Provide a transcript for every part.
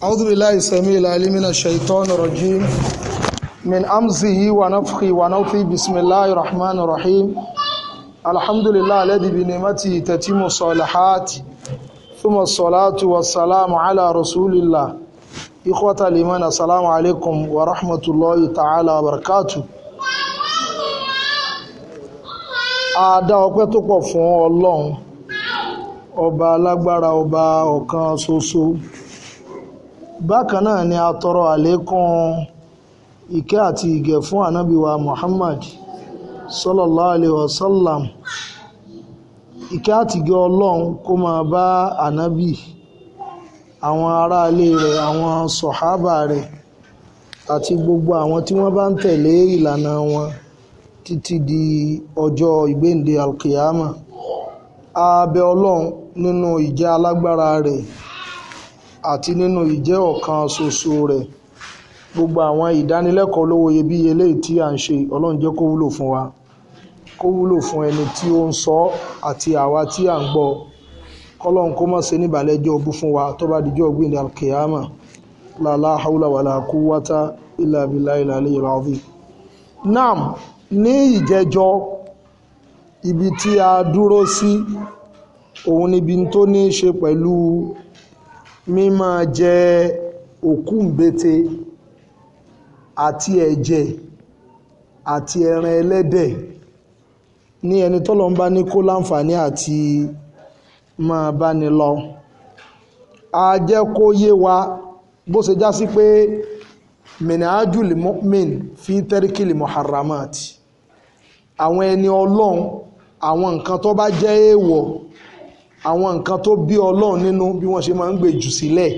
أعوذ بالله السميع العليم من الشيطان الرجيم من أمزه ونفخه ونوفي بسم الله الرحمن الرحيم الحمد لله الذي بنعمته تتم الصالحات ثم الصلاة والسلام على رسول الله إخوة الإيمان السلام عليكم ورحمة الله تعالى وبركاته Adá ọpẹ́ tó pọ̀ fún Ọlọ́run, ọba alágbára ọba ọ̀kan ṣoṣo. bákan náà ni a tọrọ àlékún ìkẹ́ àti ìgẹ̀ fún ànábì Muhammad sallallahu alaihi wasallam ìkẹ́ àti ìgẹ̀ ọlọ́run kó máa bá ànábì àwọn aráalé rẹ̀ àwọn sọ̀hábà rẹ̀ àti gbogbo àwọn tí wọ́n bá ń tẹ̀lé ìlànà wọn títí di ọjọ́ ìgbéǹde alkiyama a bẹ̀ ọlọ́run nínú ìjẹ́ alágbára rẹ̀ àti nínú ìjẹ́ ọ̀kan ṣoṣo rẹ̀ gbogbo àwọn ìdánilẹ́kọ̀ọ́ olówó iyebíye eléyìí tí à ń ṣe ọlọ́run jẹ́ kó wúlò fún wa kó wúlò fún ẹni tí ó ń sọ àti àwa tí à ń gbọ́ kọ́lọ́run kó má ṣe níbàlẹ́jọ́ ọbú fún wa tó bá dijọ́ ọgbìn alkiyama lálá haúlà kú wátá ilà bílà ilà ilé ìrọ̀bì. nam ní ìjẹjọ ibi tí a dúró sí òun níbi tó ní í ṣe pẹ̀lú mímọ jẹ òkúńbete àti ẹ̀jẹ̀ àti ẹran ẹlẹ́dẹ̀ ní ẹni tọ́lọ́ ń bá ní kó láǹfààní àti máa bá ní lọ a jẹ́ kó yé wa bó ṣe já sí pé minajul mu'min fi tẹ́ríkìlì muharramat àwọn ẹni ọlọ́run àwọn nǹkan tó bá jẹ́ èèwọ̀ àwọn nǹkan tó bí ọlọ́run nínú bí wọ́n ṣe máa ń gbé jù sílẹ̀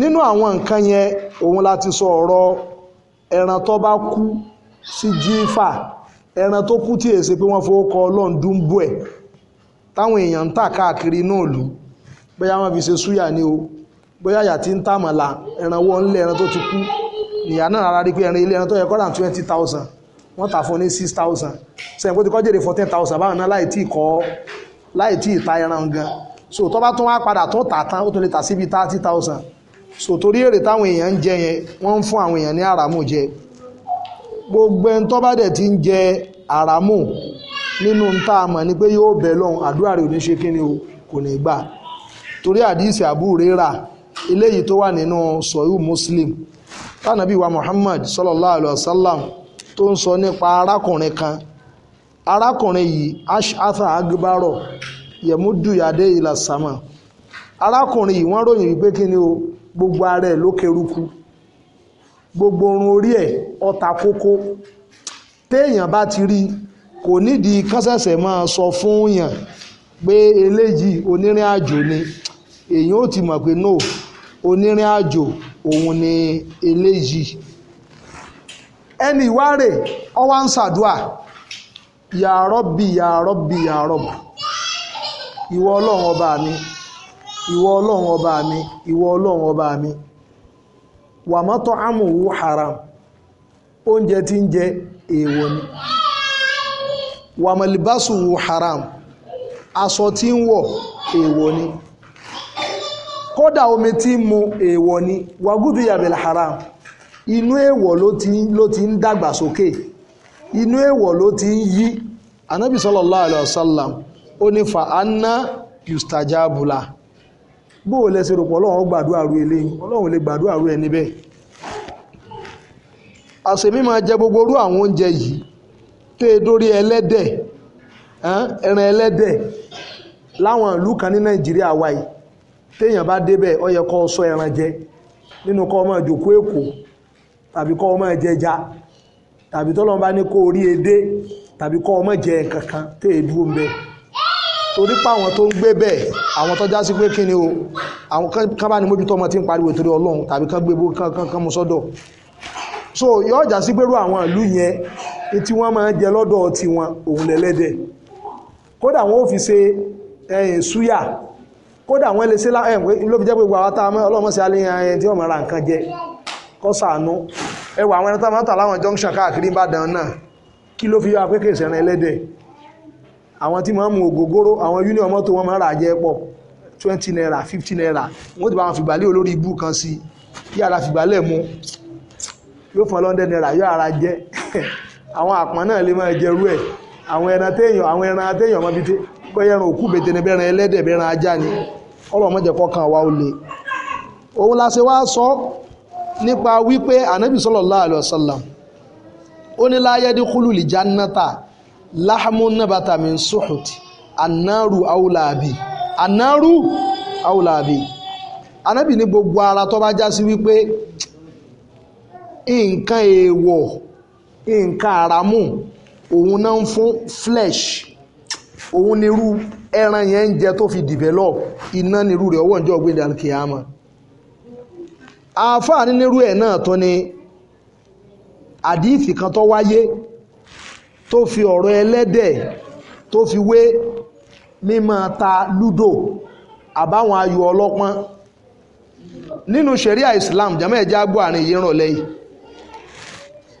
nínú àwọn nǹkan yẹn òun láti sọ ọ̀rọ̀ ẹran tó bá kú sí jífà ẹran tó kú tí èsè pé wọ́n fowó kọ ọlọ́run dúnbù ẹ̀ táwọn èèyàn ń tà káàkiri náà lù bóyá wọ́n fi ṣe súyà ni o bóyá àyà tí ń tàmọ̀là ẹran wọ́n ń lé ẹran tó ti kú nìyà náà rárá rí pé ẹran ilé ẹran tó yẹ kọ́ra twenty thousand wọ́n tà fún ní six thousand sẹ́yìn kó ti kọ́ jèrè for thousand báwọn náà láì tí ì kọ́ láì tí ìta ẹran gan so tó bá tún wá padà tó tà ó lè tà síbi so torí èrè táwọn èèyàn ń jẹ yẹn wọ́n fún àwọn èèyàn ní àràmù jẹ gbogbo ẹni bá dẹ̀ ti jẹ àràmù nínú nta a mọ̀ ni pé yóò bẹ̀ lọ́hùn àdúrà rẹ̀ ò ní ṣe o kò ní gbà torí àdìsí eléyìí tó wà nínú sọ̀yù Muslim tánàbí arákùnrin yìí ashatha agbárọ̀ yẹ̀múdùyàdé ìlà sàmà arákùnrin yìí wọ́n ròyìn wípé kí ni o gbogbo ara ẹ̀ ló keruku gbogbo orun orí ẹ̀ ọta kókó téèyàn bá ti rí kò nídìí kánsẹ̀sẹ̀ máa sọ fún yàn pé eléyìí onírìn àjò ni èyàn ò ti mọ̀ pé no onírìn àjò òun ni eléyìí ẹni ìwárè ọwá ń ṣàdúà yàrọ́bì yàrọ́bì yàrọ́bì ìwọ ọlọ́run ọba mi ọba mi ìwọ ọlọ́run ọba mi wà haram oúnjẹ tí ń jẹ èèwọ̀ ni wà mọ̀lìbásùwò haram aṣọ tí ń wọ èèwọ̀ ni kódà omi tí ń mu èèwọ̀ ni wàgùdù yàbẹ̀lẹ̀ haram inú èèwọ̀ ló ti ń Okay inú èèwọ̀ ló ti ń yí anábì sallallahu alaihi ó ní fa anna yustajabula bó o lẹ́sẹ̀ rò pọ̀ ọlọ́run gbàdúrà rú eléyìí ọlọ́run lè gbàdúrà rú ẹni bẹ́ẹ̀ àṣèmí máa jẹ gbogbo orú àwọn oúnjẹ yìí tó e dórí ẹlẹ́dẹ̀ ẹran ẹlẹ́dẹ̀ láwọn ìlú kan ní nàìjíríà wa téèyàn bá débẹ̀ ó yẹ kó sọ ẹran jẹ nínú kó máa jókòó èkó tàbí kó máa jẹja tàbí tọ́lọ́n bá ní kó orí edé tàbí kọ́ ọmọ jẹ nǹkan kan tẹ́ ẹ e dúró ń bẹ torí pa àwọn tó ń gbé bẹ́ẹ̀ àwọn tọ́já sí pé kí ni o àwọn kan bá ní mójútó ọmọ tí ń pariwo torí ọlọ́run tàbí kan gbé kan kan mú sọ́dọ̀ so yóò já sí pẹ̀lú àwọn ìlú yẹn tí wọ́n máa ń jẹ lọ́dọ̀ tiwọn òun lẹ́lẹ́dẹ̀ kódà wọn ò fi ṣe ẹyìn súyà kódà wọn lè ṣe ló fi jẹ́ pé gbogbo àwọn tá a mọ́ ọlọ́mọ sí alẹ́ yẹn tí wọ́n máa ra nǹkan ẹ wà àwọn ẹran tó máa ń tà láwọn junction káàkiri ìbàdàn náà kí ló fi yọ apẹ́ kèsì ẹran ẹlẹ́dẹ̀ àwọn tí máa ń mu ògógóró àwọn union mọ́tò wọn máa ń rà jẹ́ pọ̀ twenty naira fifty naira wọ́n ti bá wọn fìgbàlẹ́ olórí ibú kan sí yàrá fìgbàlẹ́ mu yóò fún ọlọ́ndẹ̀ naira yóò ara jẹ́ àwọn àpọ̀n náà lè máa jẹrú ẹ̀ àwọn ẹran téèyàn àwọn ẹran téèyàn ọmọ bíi bẹ́ẹ̀ ẹran òkú bètè ni bẹ́ẹ̀ ẹran ẹlẹ́dẹ̀ bẹ́ẹ̀ ẹran ajá ni ọlọ́mọdé kọ́kàn wa ó le òun la ṣe wá sọ nípa wípé ànábì sallallahu alaihi wasallam ó ní la yadkhulul jannata lahmun nabata min suhut annaru awla bi annaru awla bi ànábì ní gbogbo ara tó bá já sí wípé nǹkan èèwọ̀ nǹkan àràmù òun náà ń fún flesh òun nírú ẹran yẹn ń jẹ tó fi develop iná nírú rẹ̀ ọwọ́ ìjọ ògbéǹdà kìámà àáfàá nínú ẹ̀ náà tó ni àdíìsì kan tó wáyé tó fi ọ̀rọ̀ ẹlẹ́dẹ̀ tó fi wé mímọ́ ta lúdò àbáwọn ayò ọlọ́pọ́n nínú ṣẹ̀ríà Islam jàmọ́ ẹ̀já gbọ́ àárín yìí rànlẹ́ yìí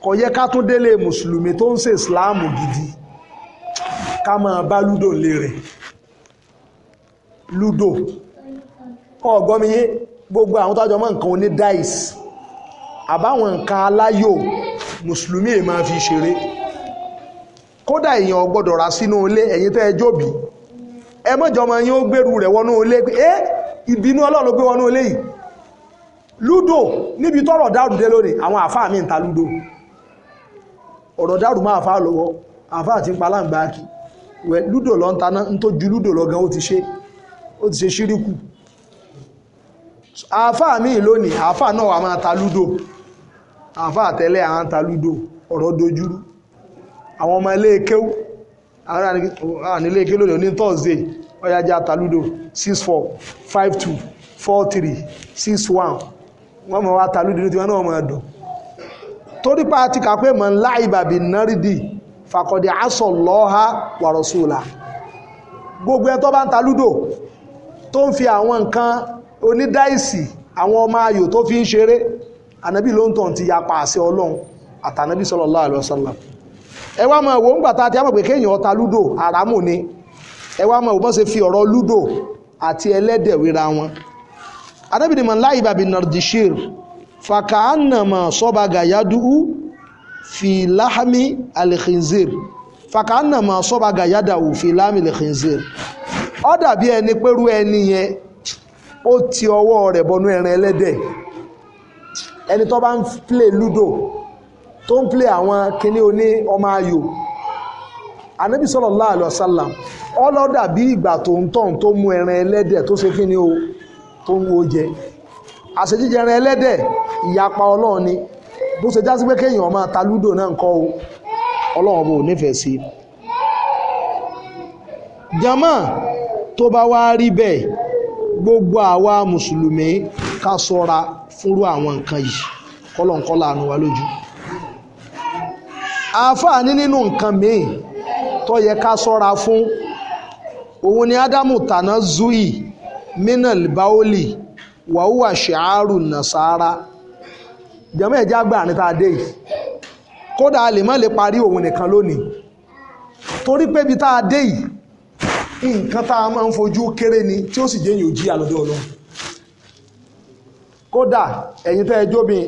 kò yẹ ká tún délé mùsùlùmí tó ń ṣe Islam gidi ká máa bá lúdò lè rẹ̀ lúdò ọgbọ́miyé gbogbo àwọn tó àjọmọ́ nǹkan oní dice àbáwọn nǹkan aláyò mùsùlùmí è máa fi ṣeré kódà èèyàn ọ gbọ́dọ̀ sínú ilé ẹ̀yin tẹ́ ẹ jóbi ẹ mọ́jọmọ yín ó gbèrú rẹ̀ wọnú ilé pé ẹ́ ìbínú ọlọ́run ló gbé wọnú ilé yìí lúdò níbi lónìí àwọn mi lúdò ọ̀rọ̀ àáfàá mi lónìí àáfàá náà wà máa ta lúdò àáfàá tẹ́lẹ̀ àwọn ta lúdò ọ̀rọ̀ dojúrú àwọn ọmọ ilé kéwú àwọn ilé lónìí thursday ta lúdò six four five two four three six one wọ́n mọ̀ wá ta lúdò ní tiwọn náà mọ̀ ẹ̀dọ̀ torí pa ti mọ̀ ńlá ìbàbí nárídì fàkọ̀dé aṣọ lọ́ha gbogbo ẹ̀ tó bá ń ta tó onídáìsì àwọn ọmọ ayò tó fi ń ṣeré ànábì ló ń tàn ti yapa àṣẹ ọlọ́run àtànábì sallallahu alaihi wasallam ẹ wá máa wò ń gbàtà àti àmọ̀ pé kéèyàn ọta lúdò àràmù ni ẹ wá máa wò bọ́n ṣe fi ọ̀rọ̀ lúdò àti ẹlẹ́dẹ̀ wéra wọn ànábì ni man la'iba bin nardishir fakaanama sọ́baga yadu'u fi láhámi alìkhinzir fakaanama sọ́baga yadau fi láhámi alìkhinzir ó dàbí ẹni pẹ́rú ẹni yẹn ó ti ọwọ́ rẹ̀ bọnú ẹran ẹlẹ́dẹ̀ ẹni tó bá play ludo tó ń play àwọn kinní oní ọmọ ayò anabi sallallahu alaihi wasallam ọlọ́dà bí ìgbà tó ń tó mú ẹran ẹlẹ́dẹ̀ tó ṣe kí ni o tó ń wo jẹ àṣejíjẹ ẹran ẹlẹ́dẹ̀ ìyapa ọlọ́run ni bó ṣe já sí pé kéèyàn máa ta ludo náà ń o ọlọ́run bò nífẹ̀ẹ́ sí jama tó bá wá rí gbogbo àwa mùsùlùmí ká sọ́ra fúnrú àwọn nǹkan yìí kọ́lọ̀nkọ́lọ̀ àánú wa lójú àfààní nínú nǹkan míì tó yẹ ká sọ́ra fún òun ni ádámù tàná zui minal baoli wàhùwà ṣàárù nàṣàrà jẹ́mọ́ ẹ̀já gbà níta dé yìí kódà a lè má lè parí òun nìkan lónìí torí pé bí tá a dé yìí nǹkan tá a máa ń fojú kéré ni tí ó sì jẹ́ èyàn jí àlọ́dọ̀ ọlọ́run kódà ẹ̀yin tẹ́ ẹ jóbin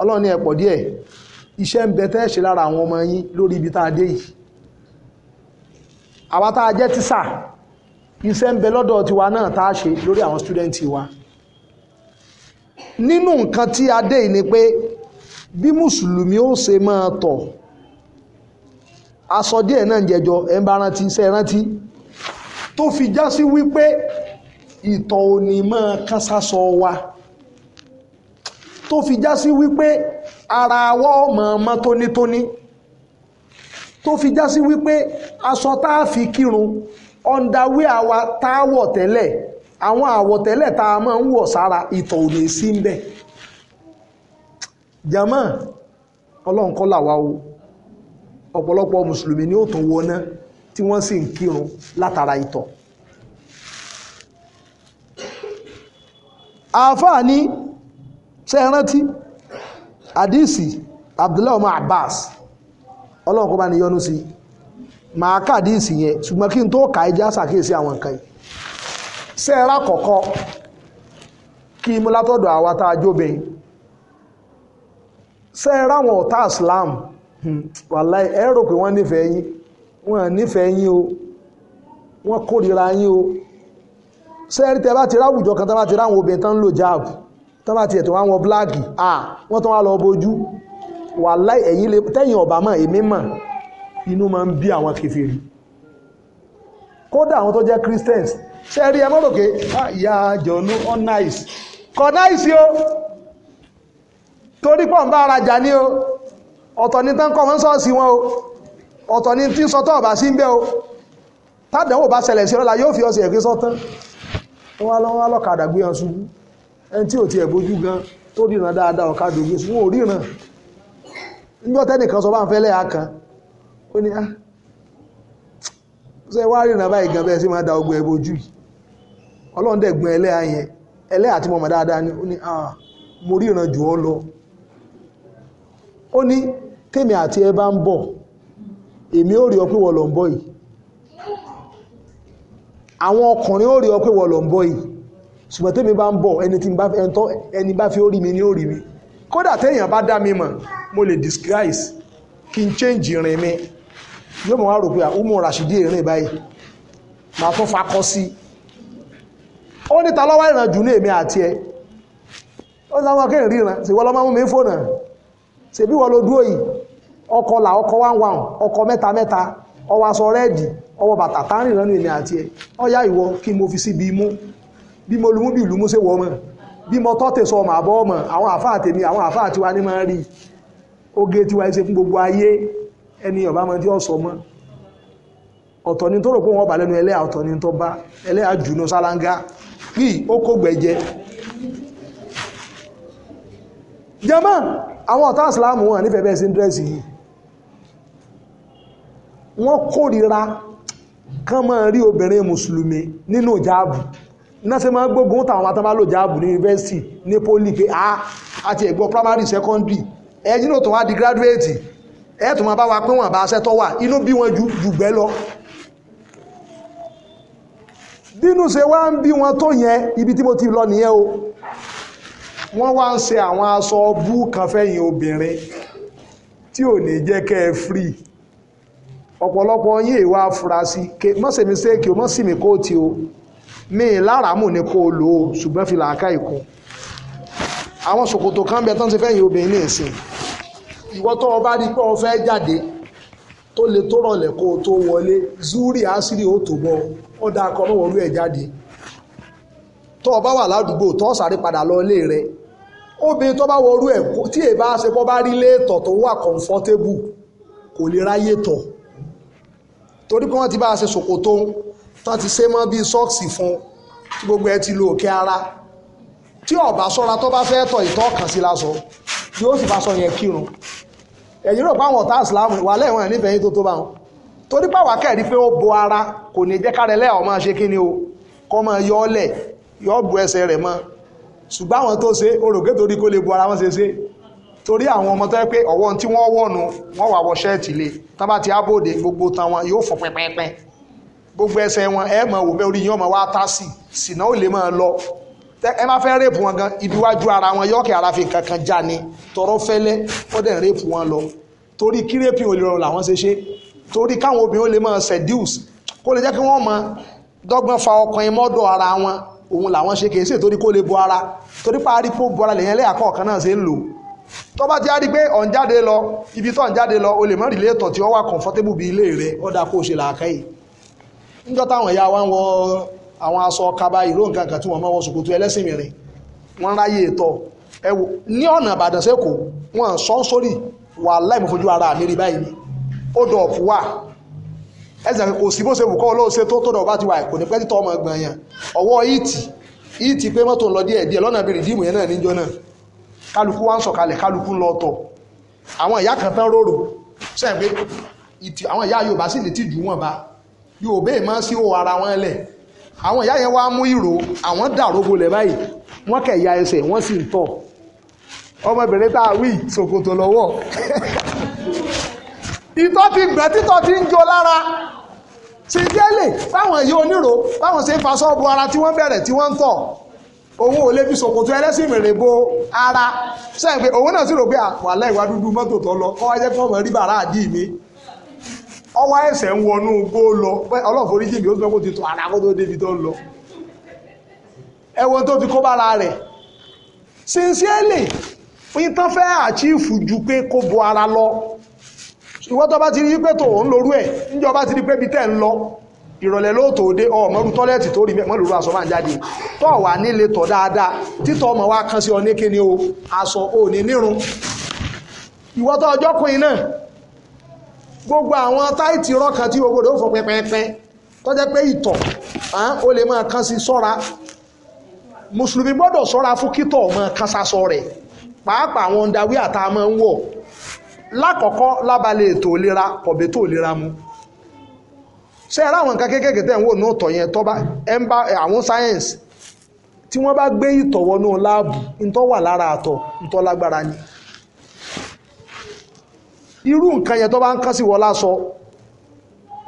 ọlọ́run ní ẹ̀pọ̀ díẹ̀ iṣẹ́ ń bẹ tẹ́ ẹ ṣe lára àwọn ọmọ yín lórí ibi tá a dé yìí àwa tá a jẹ́ tíṣà iṣẹ́ ń bẹ lọ́dọ̀ tiwa náà tá a ṣe lórí àwọn stúdẹ́ǹtì wa nínú nǹkan tí a dé yìí ni pé bí mùsùlùmí ó ṣe máa tọ̀ aṣọ díẹ̀ náà jẹjọ ẹ̀ ń bá rántí iṣẹ́ rántí tó fi já sí wípé ìtọ̀ ò ní máa kan sásọ wa tó fi já sí wípé ara wa ọmọ ọmọ tónítóní tó fi já sí wípé aṣọ tá a fi kírun ọ̀ndàwé àwa tá a wọ̀ tẹ́lẹ̀ àwọn àwọ̀tẹ́lẹ̀ tá a máa ń wọ̀ sára ìtọ̀ ò sí ń bẹ̀ jama ọlọ́run làwa o ọ̀pọ̀lọpọ̀ mùsùlùmí ni ó tún wọná tí wọ́n sì ń kírun látara ìtọ̀ àáfàá ní ṣe rántí àdìsí Abdullahi ọmọ Abbas ọlọ́run kó bá ní yọ́nú sí màá kà àdìsí yẹn ṣùgbọ́n kí n tó kà ẹja ṣàkíyèsí àwọn nǹkan yìí ṣe ra kọ̀kọ́ kí mú látọ̀dọ̀ àwa tá a jóbin ṣe ráwọn ọ̀tá Islam hmm, wàláì ẹ rò pé wọ́n nífẹ̀ẹ́ yín wọn nífẹ̀ẹ́ yín o wọ́n kórìíra yín o sẹ́ẹ̀rí tẹ́ bá ti ráwùjọ kan tán bá ti ráwọn obìnrin tán ń lò jáàbù tán bá ti ẹ̀tọ́ wọn wọn bíláàkì à wọ́n tán wá lọ bojú wàláì ẹ̀yìn lè tẹ́yìn ọ̀bà mọ̀ èmi mọ̀ inú máa ń bí àwọn kèfèrí kódà àwọn tó jẹ́ Christians sẹ́ẹ̀rí ẹ mọ́rò pé ah, ìyá jọ̀ọ́nú on kọ̀ nice o torí pọ̀ ń bá ara jà ní o ọ̀tọ̀ ní tán kọ́ wọn sọ́ọ̀sì wọn o ọ̀tọ̀ ni tí ń sọ tọ́ọ̀bà sí ń bẹ́ o ba bá ṣẹlẹ̀ sí ọlọ́la yóò fi ọsẹ̀ ẹ̀gbẹ́ sọ́tán wọ́n nwa lọ́kadà gbé ọ ṣubú ẹni tí ò ti ẹ̀bójú gan tó dáadáa ò ríran sọ bá ń fẹ́ lẹ́yà kan ó ní á ah, ṣe wá gan bẹ́ẹ̀ sí máa da ọgbẹ́ ẹ̀bójú yìí ọlọ́run ni ah, lọ èmi ò rí ọ pé wọ́n lọ ń bọ̀ yìí àwọn ọkùnrin ò rí ọ pé wọ́n lọ ń bọ̀ yìí ṣùgbọ́n tèmi bá ń bọ̀ ẹni tí ẹni bá fi orí mi ní orí mi kódà téèyàn bá dá mi mọ̀ mo lè disguise kí n change ìrìn mi yóò mọ̀ wá rò pé àwọn ọmọ Rashidi ìrìn báyìí màá tún fakọ́ sí ó ní ta lọ́wọ́ ìrìn jù ní èmi àti ẹ ó sáwọn akéèrè ríran ṣèwọ́ lọ́mọ́ mú mi fóònà ṣèbí wọ́n lo dúró yìí ọkọ̀ là ọkọ̀ one one ọkọ̀ mẹta, mẹta ọwọ́ aṣọ rẹ́ẹ̀dì ọwọ́ bàtà tánrìn lọ́nà èmi àti ẹ̀ ọ̀yá ìwọ kí mo fi síbi bí mo bí ọmọ bí mo tọ́tẹ̀ sọ ọmọ àbọ̀ ọmọ àwọn àfáà tèmi oge tiwa fún gbogbo ayé ẹni ọba tí sọ mọ́ ọ̀tọ̀ ni tó rò pé wọ́n bà lẹ́nu ẹlẹ́yà ọ̀tọ̀ ni tó bá ẹlẹ́yà jùnú sálángá kí ó kó wọ́n kórìíra kán máa rí obìnrin mùsùlùmí nínú ìjáàbù náà ṣe máa gbógun táwọn atán bá lò jáàbù ní yunifásitì ní poli pé ah, a àti ẹ̀gbọ́n primary secondary ẹ̀yìn náà tó wá di graduate ẹ̀ tó máa bá wa pé wọ́n àbá aṣẹ́ tó wà inú bí wọ́n ju jùgbẹ́ lọ bínú ṣe wá ń bí wọn tó yẹn ibi tí mo ti lọ nìyẹn o wọ́n wá ń ṣe àwọn aṣọ bú kan fẹ́yìn obìnrin tí ò ní jẹ́ kẹ́ ẹ free ọ̀pọ̀lọpọ̀ yín èèwà afurasí mọ́ ṣe mistake o mọ́ sì mí kóòtì o mi láràámù ni kó o lò ó ṣùgbọ́n fi làákà ìkun àwọn ṣòkòtò kan bẹ tán ti fẹ́yìn obìnrin ní ìsìn ìwọ tó o bá rí pé o fẹ́ jáde tó le tó rọ̀lẹ́ kó o tó wọlé zuri asiri ó tó bọ́ ó dáa kọ́ mọ́wọ́ orí ẹ̀ jáde tó o bá wà ládùúgbò tó o sáré padà lọ ilé rẹ obìnrin tó bá wọ orú ẹ̀ tí èèbá ṣe bọ́ bá rí léètọ̀ tó wà comfortable kò lè ráyè tọ̀ torí pé wọ́n ti bá a ṣe ṣòkòtò tán ti ṣe mọ́ bíi sọ́ọ̀sì fún tí gbogbo ẹ ti lo òkè ara tí ọba sọ́ra tó bá fẹ́ tọ̀ ìtọ́ kàn sí lásọ yóò sì bá sọ yẹn kírun ẹ̀yin rò páwọn ọ̀tá ìsìláàmù wà lẹ́wọ̀n ẹ̀ nífẹ̀ẹ́ yín tó tó bá wọn torí pàwà kẹ́rí pé ó bo ara kò ní jẹ́ kárẹ̀ lẹ́ọ̀ máa ṣe kí ni o kọ́ máa yọ ọ́lẹ̀ yọ bu ẹsẹ̀ rẹ̀ mọ́ ṣùgbọ́n àwọn tó ṣe orògbé torí kó lè bo ara wọn ṣe ṣe torí àwọn ọmọ tó yẹ pé ọwọ́ tí wọ́n wọ̀nù wọ́n wà wọ ṣẹ́ẹ̀tì le tán bá ti ábòde gbogbo tan wọn yóò fọ pẹpẹpẹ gbogbo ẹsẹ̀ wọn ẹ mọ̀ wò bẹ́ẹ̀ orí yín ọmọ wa tá sí sìnà ó lè máa lọ ẹ má fẹ́ rèpù wọn gan ibi wájú ara wọn yọ̀ọ̀kì ara fi kankan já ni tọrọ fẹ́lẹ́ ó dẹ̀ rèpù wọn lọ torí kírèpì ò lè rọrùn làwọn ṣe ṣe torí káwọn obìnrin ó lè máa seduce kó lè jẹ́ kí wọ́n mọ dọ́gbọ́n fa ọkùnrin mọ́dọ̀ ara wọn òun làwọn ṣe kì í ṣe torí kó lè bo ara torí parí pò bo ara lèyẹn lẹ́yà kọ̀ọ̀kan náà ṣe ń lò tó bá ti á rí pé ọ̀ lọ ibi tó lọ o lè mọ́ tí ó wà comfortable bí ilé rẹ ó dáa kó o ṣe làákàyè níjọ́ táwọn ìyá wa ń wọ àwọn aṣọ kaba ìró nǹkan kan tí wọ́n mọ́ wọ ṣòkòtò ẹlẹ́sìn mìíràn wọ́n ráyè ètò ẹ̀wò ní ọ̀nà Ìbàdàn sẹ́kọ̀ọ́ wọ́n sọ ń sórí ara mi báyìí kálukú wá ń sọ̀kalẹ̀ kálukú ń lọ tọ̀ àwọn ìyá kan fẹ́ rorò sẹ́yìn pé àwọn ìyá Yorùbá sì lè tìjú wọn bá Yorùbá èèmọ́ sí òwò ara wọn lẹ̀ àwọn ìyá yẹn wá mú ìró àwọn dàrógbò lẹ̀ báyìí wọ́n kẹ̀ ya ẹsẹ̀ wọ́n sì ń tọ̀ ọmọbìnrin tá a wí ṣòkòtò lọ́wọ́ ìtọ́ ti gbẹ́ títọ́ ti ń jó lára ṣe jẹ́lẹ̀ fáwọn ìyá onírò fáwọn ṣe ń fa sọ́ọ̀bù ara tí wọ́n bẹ̀rẹ̀ tí wọ́n ń tọ̀ owó ò lè fi ṣòkòtò ẹlẹ́sìn bo ara sẹ́yìn òun náà sì rò pé àpàlà ìwà dúdú mọ́tò tó lọ kọ́ wájẹ́ kí wọ́n mọ̀ rí bàrá àdí mi ọwọ́ ń wọnú lọ ọlọ́ọ̀fọ́ oríjì mi ó fẹ́ kó ti tó ara kó tó débi tó ń lọ ẹwọ́n tó fi kó bára rẹ̀ ju pé kó ara lọ ìwọ́n tó bá ti rí pé lorú ẹ̀ níjọba ìrọ̀lẹ́ lóòótọ́ òde ọmọrú tọ́lẹ́ẹ̀tì tó rí mẹ́rin lóru aṣọ máa ń jáde tọ́ wà nílé tọ̀ dáadáa títọ́ ọmọ wa kan sí ọ ní kíni o aṣọ ò ní nírun ìwọ́tọ̀ ọjọ́ kùnrin náà gbogbo àwọn táìtì rọ́ọ̀kan tí gbogbo rẹ̀ ó fọ pẹ́pẹ́pẹ́ tó jẹ́ pé ìtọ̀ ó lè máa kan sí sọ́ra mùsùlùmí gbọ́dọ̀ sọ́ra fún kítọ̀ máa kan sasọ rẹ̀ pàápàá àwọn ọ̀ndàwí àtàwọn máa ń wọ̀ lákọ̀ọ́kọ́ lábalẹ̀ ètò ìlera kọ̀bẹ́tò ìlera mu ṣe ara àwọn nǹkan kéékèèké tẹ̀ ń wò náà tọ̀ yẹn tọ́ bá ẹ̀ńbá àwọn sáyẹ́ǹsì tí wọ́n bá gbé ìtọ̀ wọnú láàbù ntọ́ wà lára àtọ̀ lágbára ni irú nǹkan yẹn tó bá ń kán sí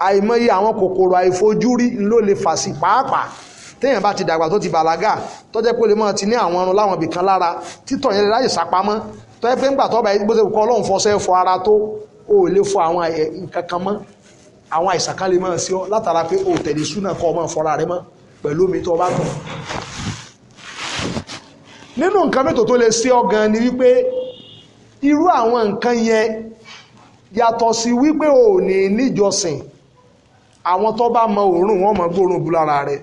àìmọye àwọn kòkòrò àìfojúrí ló lè ti dàgbà tó ti bàlágà tó jẹ́ pé lè ti ní àwọn ọrùn láwọn ibì lára títọ̀ yẹn lè láyè tó ara tó o lè fọ àwọn kan mọ́ àwọn àìsàn kan lè máa sí ọ látara pé o tẹ̀lé súnà kọ́ ọmọ fọ́ra rẹ mọ́ pẹ̀lú omi tó bá tọ̀ nínú nǹkan mẹ́tò tó lè sí ọ gan ni wípé irú àwọn nǹkan yẹn yàtọ̀ sí wípé o ò ní níjọsìn àwọn tó bá mọ òórùn wọn mọ gbóòórùn bú lára rẹ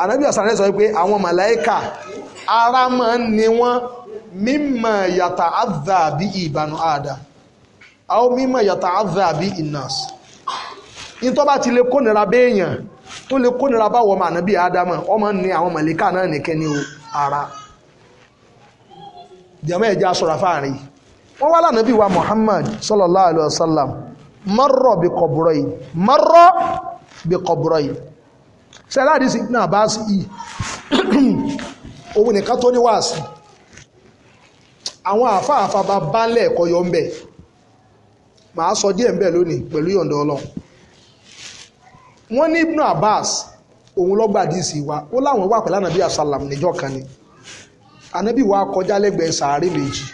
ànábì àsàlẹ̀ sọ pé àwọn màláìkà ara máa ń ni wọ́n mímọ̀ yàtà àdàbí ìbànú àdà àwọn mímọ̀ yàtà àdàbí ìnàsì ìtọ́ bá ti lè kónira béèyàn tó lè kónira báwọ̀ ọmọ ànábì ádámà ọmọ ní àwọn mọ̀lẹ́kà náà nìkẹ́ ní ara jẹ́mọ́ ẹ̀já sọ̀rọ̀ fáàrin wọ́n wá lánàbí wa Muhammad sallallahu alayhi wa sallam marra bi qabrayn marra bi qabrayn sẹ́lá àdìsí Ibn Abbas yìí òun nìkan tó ní wáàsí àwọn àfáàfà bá bá lẹ́ẹ̀kọ́ yọ ń bẹ̀ màá sọ díẹ̀ ń bẹ̀ lónìí pẹ̀lú yọ̀ǹda Ọlọ́run wọ́n ní Ibn Abbas òun lọ́gbà díìsì wa ó láwọn wà pẹ̀lú ànábì asálàm níjọ́ kan ni ànábì wa kọjá lẹ́gbẹ̀ẹ́ sàárè méjì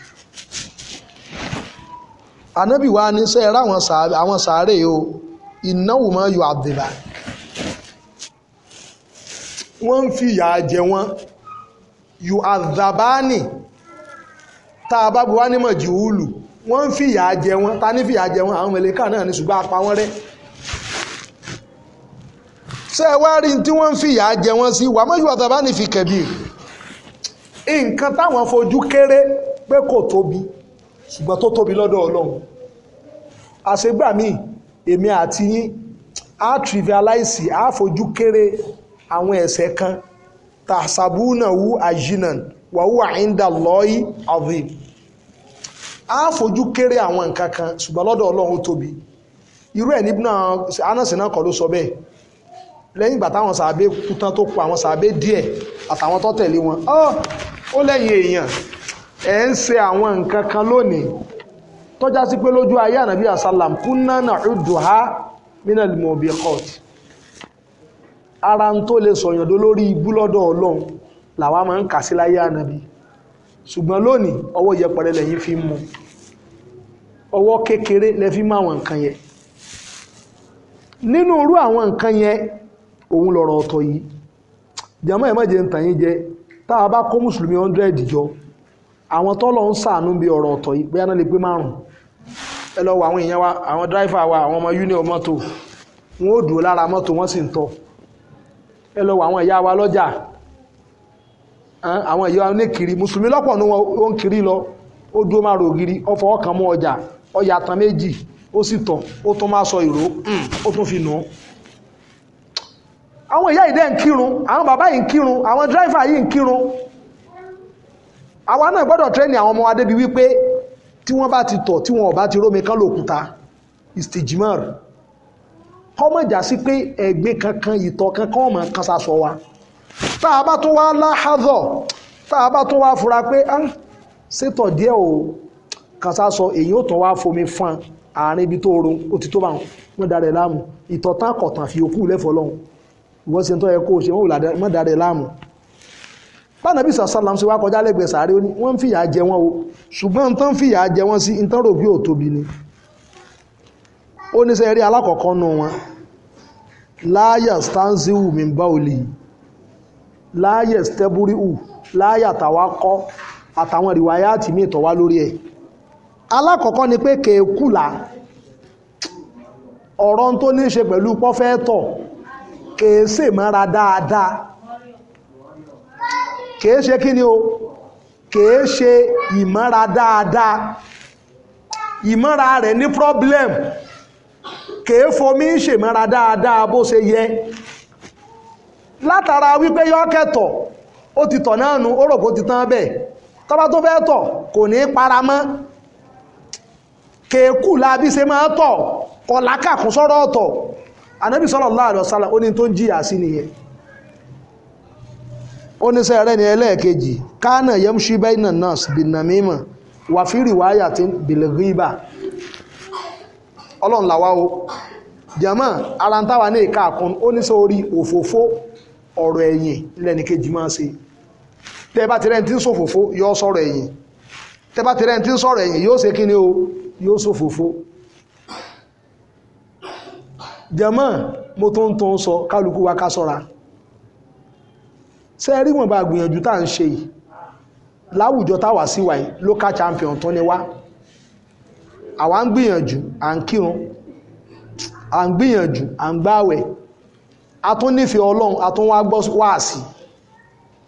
ànábì wa ní sẹ́ẹ̀ rá àwọn sàárè o ìnáwó máa yọ àdìbà wọ́n ń fi ìyà jẹ wọ́n yọ àdàbáàní tá a bá bu wá ní mọ̀jì húlù wọ́n ń fi ìyà jẹ wọ́n ta ní fi ìyà jẹ wọ́n àwọn mẹ̀lẹ́kà náà ní ṣùgbọ́n apá wọn rẹ́ ṣé ẹ wá rí tí wọ́n ń fìyà jẹ wọ́n sí wà mọ́jú ọ̀tá bá ní fi kẹ̀bí nǹkan táwọn fojú kéré pé kò tóbi ṣùgbọ́n tó tóbi lọ́dọ̀ ọlọ́run àṣegbà míì èmi àti yín á trivialize á fojú kéré àwọn ẹ̀sẹ̀ kan tàṣàbùnàwù àjìnàn wàhùwà ìndà lọ́ọ̀yì azim á fojú kéré àwọn nǹkan kan ṣùgbọ́n lọ́dọ̀ ọlọ́run tóbi irú ẹ̀ níbi náà anásì náà kọ́ ló sọ bẹ́ẹ̀ lẹ́yìn ìgbà táwọn sàbẹ̀ kú tán tó pa àwọn sàbẹ̀ díẹ̀ àtàwọn tó tẹ̀lé wọn ó lẹ́yìn èèyàn ẹ̀ ń ṣe àwọn nǹkan kan lónìí tọ́já sí pé lójú ayé ànàbí àsálàm kúnná na'udduha minal mubiqat ara ń tó lè sọ̀yàn dó lórí ibú lọ́dọ̀ ọlọ́run làwa máa ń kà sí láyé ànàbí ṣùgbọ́n lónìí ọwọ́ yẹpẹrẹ lẹ́yìn fi ń mu ọwọ́ kékeré lẹ́ fi máa wọn nǹkan yẹn nínú irú àwọn nǹkan yẹn òun lọ̀rọ̀ ọ̀tọ̀ yìí jàmọ́ ẹ̀ mọ̀jẹ̀ ń tàn yín jẹ tá a bá kó mùsùlùmí hundred jọ àwọn tọ́lọ̀ ń sàánú bí ọ̀rọ̀ ọ̀tọ̀ yìí bóyá náà lè pé márùn ẹ lọ wọ àwọn èèyàn wa àwọn dráìfà wa àwọn ọmọ union mọ́tò wọn ò dúró lára mọ́tò wọ́n sì ń tọ́ ẹ lọ wọ àwọn ìyá wa lọ́jà àwọn ìyá wa ní kiri mùsùlùmí lọ́pọ̀ ní wọn ó ń kiri lọ ó dúró máa rògiri ọfọ̀ ọkàn mú ọjà ọyà tán méjì ó sì tọ̀ ó tún máa sọ ìró hmm, ó tún fi nù ú àwọn ìyá ìdẹ́ ń kírun àwọn bàbá yìí ń kírun àwọn dráìfà yìí ń kírun àwa náà gbọ́dọ̀ tẹ́ni àwọn ọmọ adébi wípé tí wọ́n bá ti tọ̀ tí wọ́n bá ti rómi kán lòkúta istijimar kọ́mọ̀ jà sí pé ẹ̀gbin kankan ìtọ̀ kankan ọmọ kan sasọ wa tá a bá tún wá láhádọ̀ tá a bá tún wá fura pé á ah, ṣètọ̀ díẹ̀ o kan sasọ èyí ò tún wá fomi fan àárín ibi tó ro ó ti tó bá wọn darẹ̀ láàmú ìtọ̀ tán kọ̀tàn fi òkú lẹ́fọ̀ọ́ lọ́hùn wọ́n ṣe tó yẹ kó ṣe wọ́n wò mọ́ dáre láàmú bánàbí sàṣàlám sí wá kọjá lẹ́gbẹ̀ẹ́ sàárè ó ní wọ́n ń fìyà jẹ wọ́n o ṣùgbọ́n ń tán fìyà jẹ wọ́n sí ń tán rò bí ò tóbi ni ó ní sẹ́yẹ́rí alákọ̀ọ́kọ́ nù wọn láyà stanzihu mi bá olè láyà stẹ́búríhù láyà tàwákọ́ àtàwọn ìrìwáyà àti mí ìtọ́wá lórí ẹ̀ alákọ̀ọ́kọ́ ni pé kèékùlà ọ̀rọ̀ tó ní ṣe pẹ̀lú pọ́fẹ́tọ̀ kèé ṣe mọ́ra dáadáa kèé ṣe kí ni o kèé ṣe ìmọ́ra dáadáa ìmọ́ra rẹ̀ ní problem kèé fomi ṣèmọ́ra dáadáa bó ṣe yẹ látara wípé yọ́kẹ̀tọ̀ ó ti tọ̀ náà nu ó rò kó ti tán bẹ́ẹ̀ tọ́ba tó fẹ́ tọ̀ kò ní para mọ́ kèékù láabi ṣe máa tọ̀ kọ̀ lákàkún sọ́rọ̀ ọ̀tọ̀ anábì sallallahu alaihi wasallam ó ní tó ń jìyà sí nìyẹn ó ní sẹ́rẹ́ ní ẹlẹ́ẹ̀kejì kánà yamshi bayna nas binamima wà fi riwayatin bilghiba ọlọ́run làwa o jẹ́mọ́ ara ń táwa ní ìka àkún ó ní sórí òfófó ọ̀rọ̀ ẹ̀yìn lẹ́nìkejì máa ṣe tẹ́ bá ti rẹ́ni tí ń sòfófó yóò sọ̀rọ̀ ẹ̀yìn tẹ́ bá ti tí ń sọ̀rọ̀ ẹ̀yìn yóò ṣe kí ni o yóò sòfófó jẹ́mọ́ mo tó ń tó ń sọ kálukú wa ká sọ́ra ṣe rí wọn bá gbìyànjú tá à ń ṣe yìí láwùjọ táwà sí wà local champion tó ní wá àwa ń gbìyànjú à ń kírun à ń gbìyànjú à ń gbáwẹ̀ a tún nífẹ̀ẹ́ ọlọ́run a tún wá gbọ́ wáàsí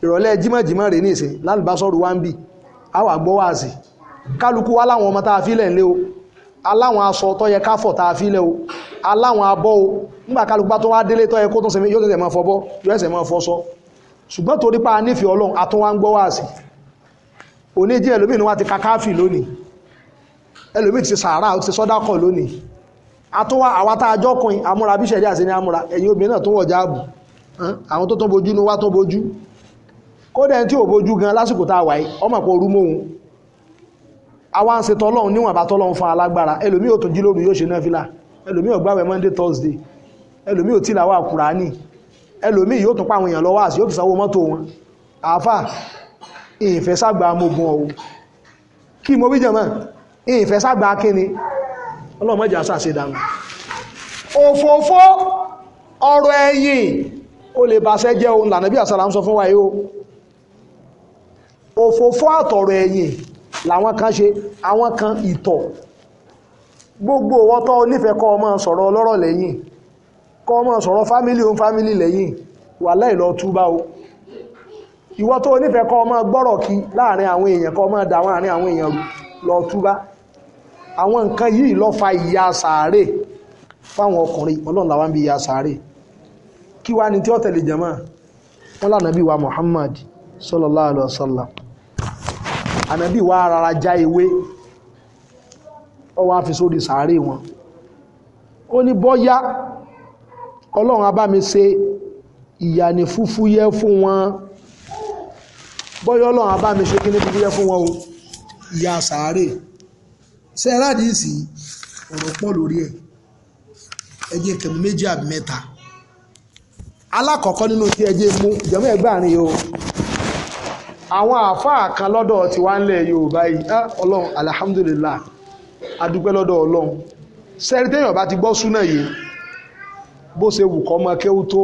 ìrọ̀lẹ́ jímọ̀jímọ̀ rẹ̀ ní ìsìn lálùbásọ́rù wá ń bì àwà gbọ́ wáàsí kálukú wá láwọn ọmọ tá a fi lẹ̀ o aláwọn aṣọ tó yẹ káfọ̀ tá a fi lẹ̀ o aláwọn abọ́ o nígbà kálukú bá tó wá délé tó yẹ kó tó ṣe yóò ṣẹ̀ṣẹ̀ máa fọbọ́ yóò ṣẹ̀ṣẹ̀ máa fọṣọ ṣùgbọ́n torí pa nífẹ̀ẹ́ ọlọ́run àtúnwá ń gbọ́ wá sí òní díẹ̀ lómi ni wọ́n ti ka káfì lónìí ẹlòmí ti sàárà ó ti sọ́dá kọ̀ lónìí àwa ń ṣetọ́ ọlọ́run níwọ̀n bá tọ́lọ́run fún alágbára ẹlòmí ò tún jí lóru yóò ṣe náfìlà ẹlòmí ò gbàwẹ̀ monday thursday ẹlòmí ò tìlàwà kùránì ẹlòmí yóò tún pa àwọn èèyàn lọ́wọ́ àti yóò tún sanwó mọ́tò wọn àáfà ìfẹ́ sàgbà amógun ọ̀hún kí mo wíjẹ̀ mọ́ ìfẹ́ sàgbà kíni ọlọ́mọdé àṣà ṣe dànù òfófó ọ̀rọ̀ ẹ̀yìn ó lè bàṣẹ́ jẹ́ òun lànà bí àṣà là ń sọ fún wa yìí o òfófó àtọ̀rọ̀ ẹ̀yìn làwọn kan ṣe àwọn kan ìtọ̀ gbogbo owó tó onífẹ́ kọ́ ọmọ sọ̀rọ̀ ọlọ́rọ̀ lẹ́yìn kọ́ ọmọ sọ̀rọ̀ fámílì ohun fámílì lẹ́yìn wà láìlọ túbá o ìwọ tó onífẹ́ kọ́ ọmọ gbọ́rọ̀ kí láàrin àwọn èèyàn kọ́ ọmọ dà láàrin àwọn èèyàn lọ túbá àwọn nǹkan yìí ló fa ìyà sàárè fáwọn ọkùnrin ọlọ́run làwọn ń bi ìyà sàárè kí wá ni tí ó tẹ̀lé jẹ̀mọ́ wọn lànà bí wa Muhammad sallallahu alaihi wasallam ànábì wá rárá já ewé ó wá fi sórí sàárè wọn ó ní bọ́yá ọlọ́run á bá mi ṣe ìyàní fúfú yẹ fún wọn bọ́yá ọlọ́run á bá mi ṣe kíní fúfú yẹ fún wọn o ìyá sàárè ṣe rádìísì ọ̀rọ̀ pọ̀ lórí ẹ̀ ẹjẹ́ kẹmú méjì àbí mẹ́ta alákọ̀ọ́kọ́ nínú tí ẹjẹ́ mú ìjọba ẹgbẹ́ àárín yìí o àwọn àáfàá kan lọ́dọ̀ tí wá ń yorùbá yìí á ah, ọlọ́run alhamdulillah adúpẹ́ lọ́dọ̀ ọlọ́run sẹ́rí téèyàn bá ti gbọ́ súnà yìí bó ṣe wù kọ́ ọmọ kéwú tó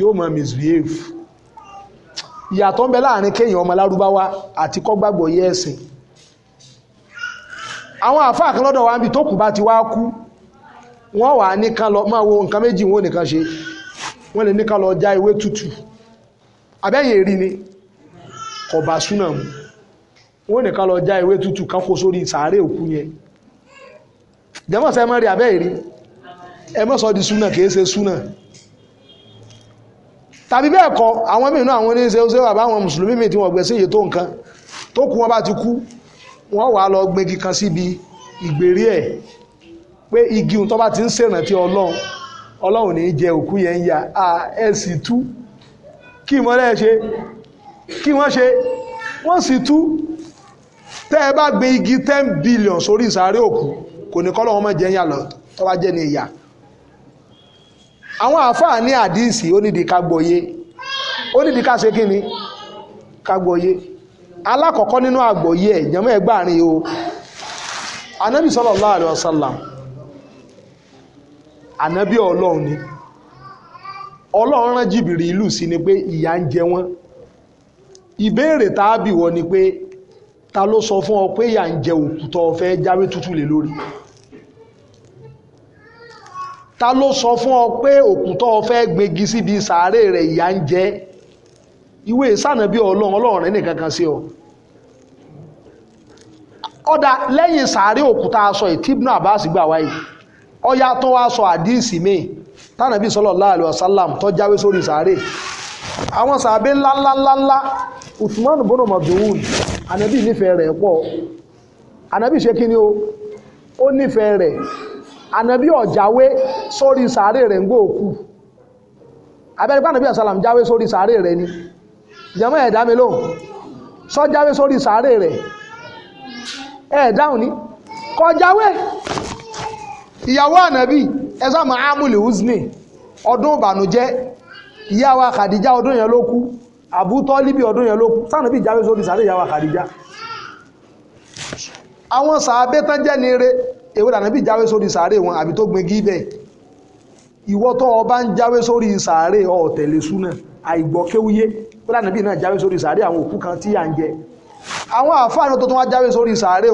yóò máa misbehave ìyàtọ̀ ń bẹ láàrin kéèyàn ọmọ lárúbáwá àti kọ́ yẹ ẹ̀sìn àwọn àáfàá kan lọ́dọ̀ wa ń bi tó kù bá ti wá kú wọ́n wà nìkan lọ máa wo nǹkan méjì wọn ò nìkan ṣe wọ́n lè nìkan lọ já ewé tútù àbẹ́yẹ̀ ni kọba súnà mu wọ́n nìkan lọ já ewé tútù kan kó sórí sàárè òkú yẹn jẹ́mọ̀ sẹ́ mọ́ rí abẹ́ ìrí ẹ mọ́ sọ di súnà kìí ṣe súnà tàbí bẹ́ẹ̀ kọ́ àwọn mìíràn àwọn oníṣẹ́ oṣù bàbá àwọn mùsùlùmí mi tí wọ́n gbé sí iye tó nǹkan tó kù wọ́n bá ti kú wọ́n wàá lọ gbégi kan síbi ìgbèrí ẹ̀ pé igi tó bá ti ń ṣèrántí ọlọ́run ọlọ́run ní jẹ òkú yẹn ya ẹ sì tú kí ìmọ̀lẹ́ ṣe kí wọ́n ṣe wọ́n sì tú tẹ́ ẹ bá gbé igi ten billion sórí ìsàárè òkú kò ní kọ́ lọ́wọ́ mọ́ jẹ́ yà lọ tó bá jẹ́ ní ìyà àwọn àáfàá ní àdínsì ó nídìí ká gbọ́yé ká ṣe kí ni ká gbọ́yé alákọ̀ọ́kọ́ nínú àgbọ́yé ẹ̀ jẹ́mọ́ ẹgbẹ́ o anabi sallallahu alaihi wasallam anabi ọlọ́run ni ọlọ́run rán jìbìrì ìlú sí ni pé ìyà ń jẹ wọ́n ìbéèrè tàbí wọ ni pé ta ló sọ fún ọ pé ìyà ń jẹ òkúta ọ̀fẹ́ jáwé tútù ta ló sọ fún ọ pé òkúta ọ̀fẹ́ gbégi síbi sàárè rẹ̀ ìyà ń jẹ ìwé bí ọlọ́run ọlọ́run rẹ̀ nìkan kan ọ ọ̀dà lẹ́yìn sàárè òkúta aṣọ ìtìbùnú gbà wáyé tó wá sọ àdíìsì tánàbí tó jáwé sórí sàárè àwọn sàábé usman bono mabdul anabi nífẹ̀ẹ́ rẹ̀ pọ̀ anabi ṣe kí ni o ó nífẹ̀ẹ́ rẹ̀ anabi ọ̀jáwé sórí sàárè rẹ̀ ń gbòòkú abẹ́rẹ́ pàdánù bí àsálàm jáwé sórí sàárè rẹ̀ ni ìjàmọ́ ẹ̀dá mi lóhùn sọ jáwé sórí sàárè rẹ̀ ẹ̀ẹ̀dáhùn ní kọjáwé ìyàwó ànàbí ẹzàmà ámùlì húsnì ọdún ìbànújẹ́ ìyá wa Khadija ọdún yẹn ló kú àbútọ́ líbi ọdún yẹn ló sànàbí jáwé sórí sàárè ìyàwó àkàdíjá àwọn sàábé tán jẹ́ ní eré èwo lànàbí jáwé sórí sàárè wọn àbí tó gbin gíbẹ̀ ìwọ tó ọba ń jáwé sórí sàárè ọ̀tẹ̀lẹ̀ súnà àìgbọ́kéwúyé ó lànàbí náà jáwé sórí sàárè àwọn òkú kan tí à ń jẹ àwọn àfáàní tó tún wá jáwé sórí sàárè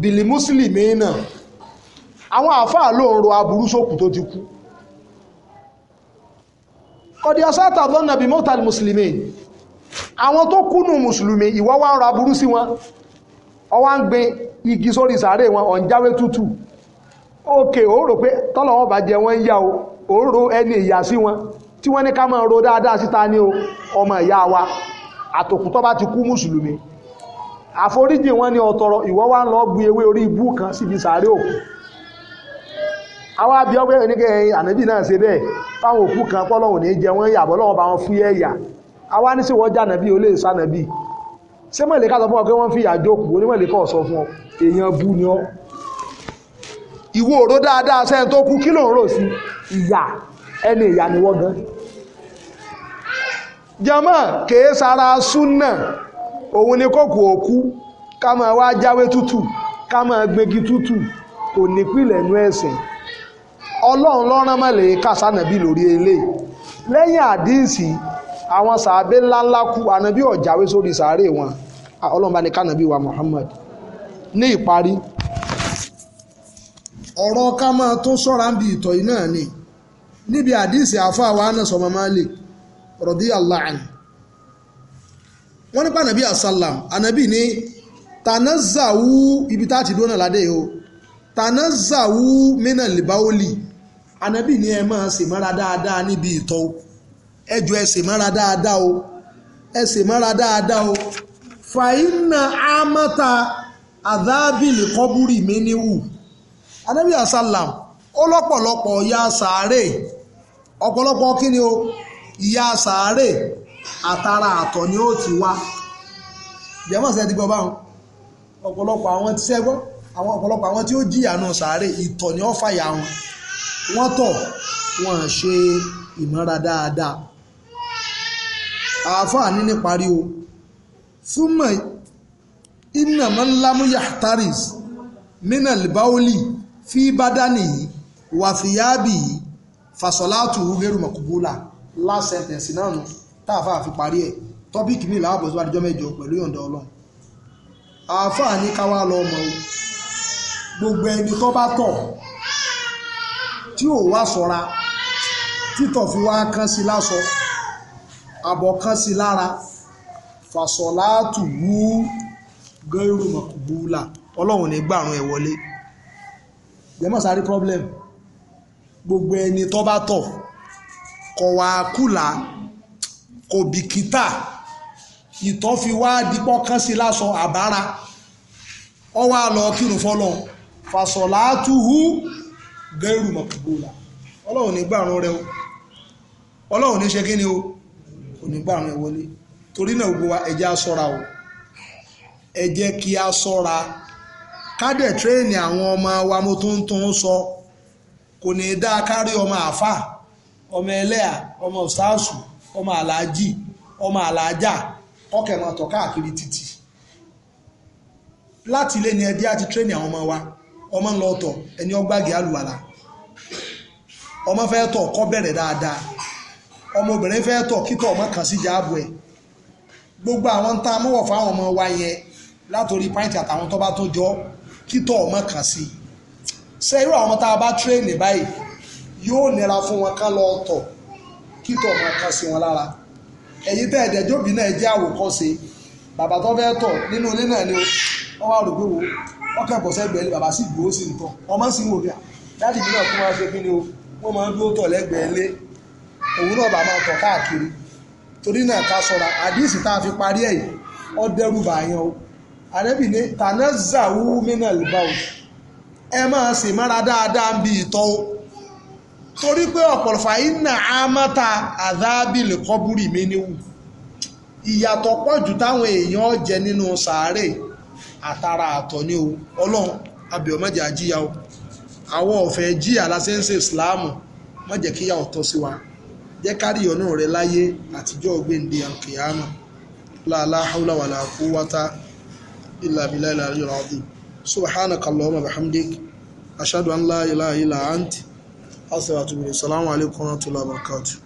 bìlì mùsùlùmí náà àwọn àáfàá ló ń ro aburú sókù tó ti kú kọdíọ́sátà lọ́nà bí mọ́tàlì mùsùlùmí àwọn tó kúnnù mùsùlùmí ìwọ́ wá ń ra aburú sí wọn ọwá ń gbé igi sórí sàárè wọn ọ̀njáwé tútù òkè ó rò pé tọ́lọ̀ wọn bá jẹ wọ́n o ó ro ẹni ìyà sí wọn tí wọ́n ní ká máa ro dáadáa síta ní ọmọ ìyá wa àtòkù tó bá ti kú mùsùlùmí àforíjì wọn ni ọ̀tọ̀rọ̀ ìwọ́ wá ń lọ bu ewé orí ibú kan síbi sàárè òkú àwọn àbí ọgbẹ́ oníkẹ́ ànábì náà ṣe bẹ́ẹ̀ fáwọn òkú kan pọ́lọ́hùn ní jẹ wọ́n yàbọ̀ lọ́wọ́ bá wọn fúyẹ́ ẹ̀yà àwa ní síwọ́ jà nàbí olè sànàbí ṣé mọ̀lẹ́ ká sọ fún ọ pé wọ́n fi ìyàjọ òkú onímọ̀lẹ́ sọ fún ọ èèyàn bu ni ọ ìwọ òró dáadáa sẹ́yìn tó kú kí ló ń rò sí ìyà ẹni ìyà ni wọ́n gan jama kèé sara súnà òun ni kòkò òkú ká máa wá jáwé tútù ká máa gbégi tútù kò nípìnlẹ̀ nú ẹ̀sìn ọlọ́run lọ́rán mọ́lẹ̀ kásánàbí lórí eléyìí lẹ́yìn àdíìsì àwọn sàábé ńláńlá kú ànàbí ọ̀jáwé sórí sàárè wọn ọlọ́run bá ní kánàbí wa Muhammad ní ìparí ọ̀rọ̀ ká máa tó sọ́ra ń bi ìtọ̀ yìí náà ni níbi àdíìsì àfáà wa Anas ọmọ Malik radiyallahu anhu wọ́n nípa ànàbí àsálàm ànàbí ní tànàzàwú ibi tá a ti dóná ládé o tànàzàwú mínà lìbáwólì ànàbí ní ẹ máa ṣe mọ́ra dáadáa níbi ìtọ̀ ẹ jọ ẹ ṣe mọ́ra dáadáa o ẹ ṣe mọ́ra dáadáa o fàyínà àmọ́ta àdábìlì kọ́búrì mi níwù ànàbí àsálàm ó lọ́pọ̀lọpọ̀ sàárè ọ̀pọ̀lọpọ̀ kí ni o ìyà sàárè àtàrà àtọ̀ ni ó ti wá jẹ́mọ̀sẹ̀ ti gbọ́ báwọn ọ̀pọ̀lọpọ̀ àwọn tí sẹ́gbọ́ àwọn ọ̀pọ̀lọpọ̀ àwọn tí ó jìyà náà sàárè ìtọ̀ ni ó fàyà wọn wọ́n tọ̀ wọ́n ṣe ìmọ́ra dáadáa àáfàá ní níparí o súnmọ́ iná mọ́nlámúyà taris nínà lìbáólì fi bádánì yìí wàfíyábì yìí fàṣọlátù rúgẹ́rù mọ̀kúbúlà last sentence náà nù táàfà fi parí ẹ̀ tọ́pìkì mi làábọ̀ síwájú ọjọ́ mẹ́jọ pẹ̀lú yọ̀ǹda ọlọ́run àáfà ní ká wá lọ mọ̀ o gbogbo ẹni tó bá tọ̀ tí ò wá ṣọ́ra títọ̀ fi wá kán sí láṣọ àbọ̀ kán sí lára fàṣọláàtù wú gẹ́rù mọ̀kúbúlà ọlọ́run ní gbàrún ẹ̀ wọlé jẹ́mọ̀ sáré problem gbogbo ẹni tó bá tọ̀ kọ̀ wá kùlà kò bìkítà ìtọ́ fi wá dípọ́ kán àbára ọ wá lọ kírun fọlọ fàṣọláàtúhù gẹrù mọkìbọlà Ọlọ́run ní gbàrún rẹ o Ọlọ́run ní ṣe kí ni o kò gbàrún wọlé torí náà gbogbo wa o kí ọmọ wa mo tó sọ kò ní ọmọ àáfà ọmọ ẹlẹ́à ọmọ ọ̀sáàsù ọmọ alaji, ọmọ alaja, ọkẹ̀ máa tọ̀ káàkiri títì láti ilé ni ẹdí àti tírẹ́nì àwọn ọmọ wa ọmọ ńlọ ọtọ̀ ẹni ọgbàgì àlùwàlà ọmọ fẹ́ tọ̀ kọ́ bẹ̀rẹ̀ dáadáa ọmọ obìnrin fẹ́ tọ̀ kítọ̀ ọmọ kan sí jáàbù ẹ̀ gbogbo àwọn tá a mọ̀wọ̀ fáwọn ọmọ wa yẹn látòrí pàǹtì àtàwọn tó bá tó jọ kítọ̀ ọmọ kan sí ṣe irú àwọn tá a bá tírẹ́nì báyìí yóò nira fún wọn ká lọ ọtọ̀ kí tọ̀ máa ká sí wọn lára ẹ̀yin tẹ́ ẹ̀dẹ́jọ́bí náà jẹ́ àwòkọ́ṣe bàbá tó fẹ́ tọ̀ nínú ilé náà ni wọ́n wá rò pé wo wọ́n kẹ́kọ̀ọ́ sẹ́gbẹ̀ẹ́ ni bàbá sì dúró sí nǹkan ọmọ sì wò bí i dáàdì mi náà tún máa ṣe kí ni o wọ́n máa ń dúró tọ̀ lẹ́gbẹ̀ẹ́ lé òun náà bàbá tọ̀ káàkiri torí náà ká sọ̀rọ̀ àdíìsì tá a fi parí ẹ̀ ọ́ dẹ́rù bàyàn o àrẹ́bì ní tànẹ́zà wú mínà lùbáwò ẹ máa sì mára dáadáa ń bi ìtọ́ torí pé ọ̀pọ̀lọpọ̀ iná amata adábìlì kọ́búrì mi níwù ìyàtọ̀ pọ̀ jù táwọn èèyàn jẹ nínú sàárè àtàrà àtọ̀ ní o ọlọ́run abiyọ̀mọ́jà jíyà o àwọn ọ̀fẹ́ jíyà lásẹ̀ǹsẹ̀ ìsìláàmù má jẹ́ kíyà ọ̀tọ̀ sí wa jẹ́ kárí ọ̀nà rẹ láyé àtijọ́ gbèǹde alkiyama láàlá haúlá wà láàkú wátá ilà bílá ilà rí ràdí subhanaka allahumma bihamdik ashhadu an la ilaha illa asalaamaaleykum wa rahmatulahi wa barakatuh.